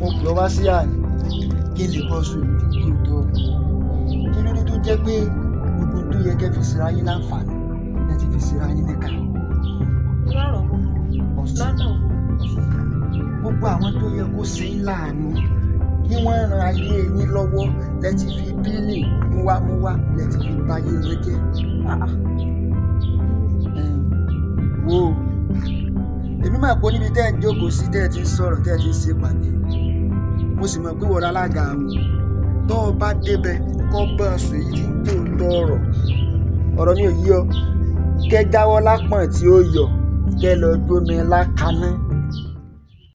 mo pè ọ wá sí àná kí n lè bọ́ sùn ìlú tó kí ló dé tó jẹ́ pé gbogbo tó yẹ kẹ́ fi síra yín láǹfààní ẹ ti fi síra yín níkà. lọ́rọ̀ wo ọ̀sán gbogbo àwọn tó yẹ kó ṣe ń láàánú kí wọ́n ran ayé yín lọ́wọ́ lẹ́tí fi bílì múwámúwá lẹ́tí fi báyé rẹ jẹ́. mọ̀ pé níbi tẹ́ ẹ̀ ń jókòó sí tẹ́ ẹ̀ ti ń sọ̀rọ̀ tẹ́ ẹ̀ ti ń ṣe pàdé mo sì mọ̀ pé wọ́n alága àwọn tó o bá débẹ̀ kọ́ bá a sùn èyí tí ń tó ń tọrọ ọ̀rọ̀ mi ò yí ọ kẹ́ jáwọ́ lápọ̀n tí ó yọ kẹ́ lọ gbómi lákaná.